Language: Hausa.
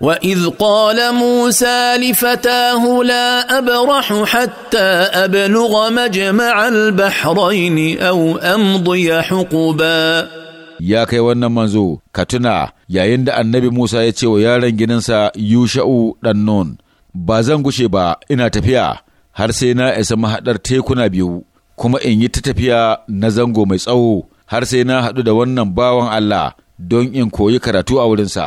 واذ قال موسى لفتاه لا ابرح حتى ابلغ مجمع البحرين او امضي حقبا ya kai wannan manzo ka tuna yayin da annabi Musa ya ce wa yaron gininsa Yusha'u ɗan Nun, ba zan gushe ba ina tafiya har sai na isa mahaɗar tekuna biyu, kuma in yi ta tafiya na zango mai tsawo har sai na haɗu da wannan bawan Allah don in koyi karatu a wurinsa.